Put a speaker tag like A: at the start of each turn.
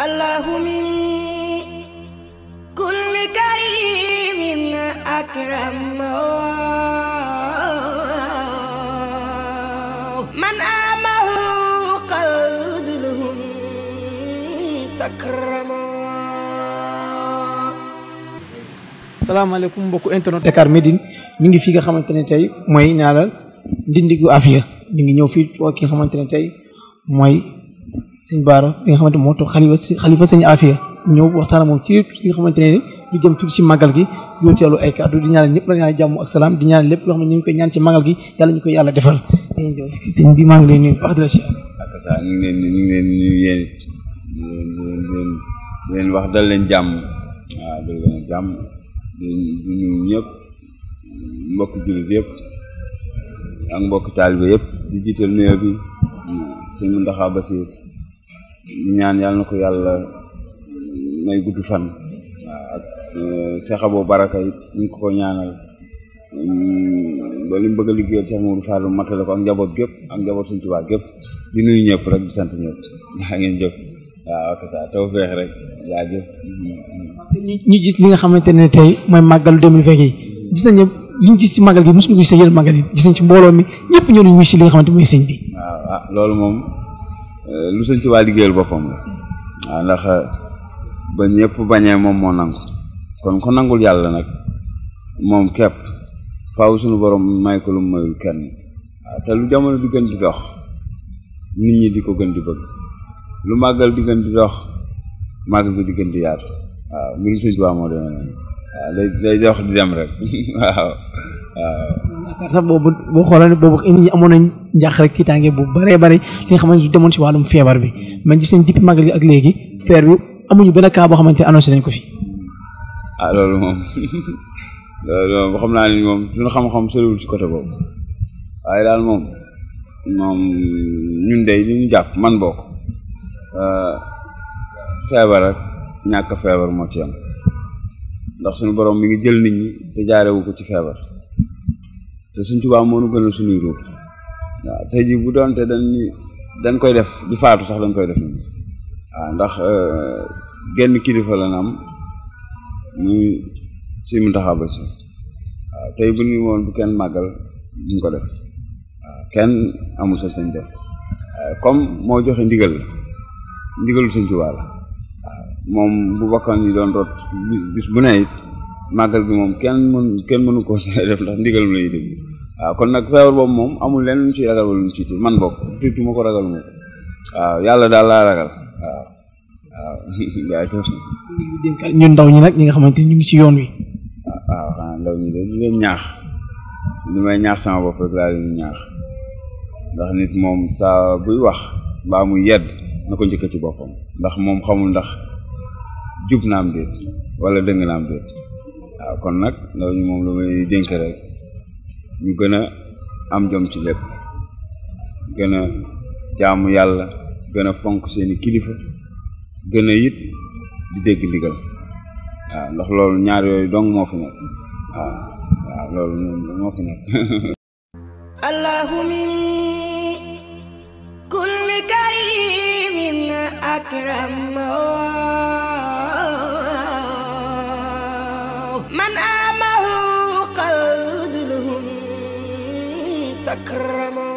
A: الله من كل كريم أكرم من آمه قلد لهم تكرم salaamaaleykum mbokku internet Dakar Medine mi ngi fi nga xamante ne tey mooy ñaanal ndindigu Afia mi ngi ñëw fii ki nga xamante ne tey mooy sëñ Baara bi nga xamante moo toog xalifa xalifa sëñ Afia mu ñëw waxtaan moom ci li nga xamante ne lu jëm tuuti si màggal gi yóbbu ay kàddu di ñaanal ñëpp la ñaan jàmm ak salaam di ñaanal lépp loo xam ngi koy ñaan ci màggal gi yàlla ñu koy yàlla defal sëñ bi maa ngi leen la si
B: ak saa ñu ngi leen wax dal leen jàmm waaw dal leen jàmm di nuyu ñëpp mbokk jullit yëpp ak mbokk taalibe yëpp di jiital nuyoo bi sëñ Muntaxa Basiir ñaan yàlla na ko yàlla may gudd fan waaw ak euh, Baraka it ñu ko ko mm, li bëgg a liggéeyal Cheikh Mourou Fallou matale ko ak njaboot gépp ak gépp di ñëpp sant ñëpp yaa ngeen jëf
A: ñu gis li nga xamante ne tey mooy màggalu 2020 yi gis nañ ñëpp li ñu gis ci màggal gi mosuñu ko gis yi ci mbooloo mi ñëpp sëñ bi
B: waaw ah loolu moom Euh, lu sëñ Tuubaa liggéeyal boppam la waaw ndax euh, ba ñëpp bañee moom moo nangu kon ko nangul yàlla nag moom kepp faaw suñu borom may ko lu mayul kenn waaw te lu jamono di gën di dox nit ñi di ko gën di bëgg lu màggal di gën di dox màggal bi di gën di yaatu waaw mbirum sëñ Tuubaa moo demee noonu waaw day day dox di dem rek waaw
A: sax boobu boo xoolee boobu nit ñi amoon nañ njàq rek tiitaange bu bëree bëri li nga xamante ni demoon si wàllum feebar bi mais gis nañ depuis màggal gi ak léegi feer bi amuñu benn cas boo xamante ne annoncé nañ ko fi.
B: Ah, xam naa ni moom suñu xam ci côté boobu waaye daal moom moom ñun de li ñu jàpp man bokk euh, feebar ak ñàkk feebar moo ci am ndax suñu borom mi ngi jël nit ñi te jaarewu ko ci feebar. te suñ tubaab moo nu gënal suñuy ruux waaw tey jii bu doonte dañ dañ koy def di faatu sax dañ koy def nii waaw ndax euh, genn kilifa la am mu taxaw ba si waaw tey bu ñu woon bu kenn màggal duñ ko def waaw kenn amul sa sañ def comme moo joxe ndigal ndigalu suñ tubaab la waaw moom bu bakkan yi doon root bis bu ne it màggal gi moom kenn mën kenn mënu koo def ndax ndigal mu lay waaw kon nag feebar boobu moom amul leen lu ñu ciy ragal ci lu man bokk tuuti ma ko ragal moom waaw yàlla daal laa ragal waaw waaw yaa
A: ngi ndaw ñi nag ñi nga xamante ñu ngi ci yoon wi.
B: waaw may ñaax sama bopp rek laa leen ñaax ndax nit moom saa buy wax mbaa muy yedd na ko njëkk ci boppam ndax moom xamul ndax jub naam déet wala dëng naam déet. waaw kon nag ndaw ñu moom lu may dénk rek ñu gën a am jom ci lépp gën a jaamu yàlla gën fonk seeni kilifa gën a it di dégg ndigal waaw ndax loolu ñaar yooyu dong moo fi nekk waaw loolu moom moo fi nekk
A: allahu min kulli karimin akram تكرما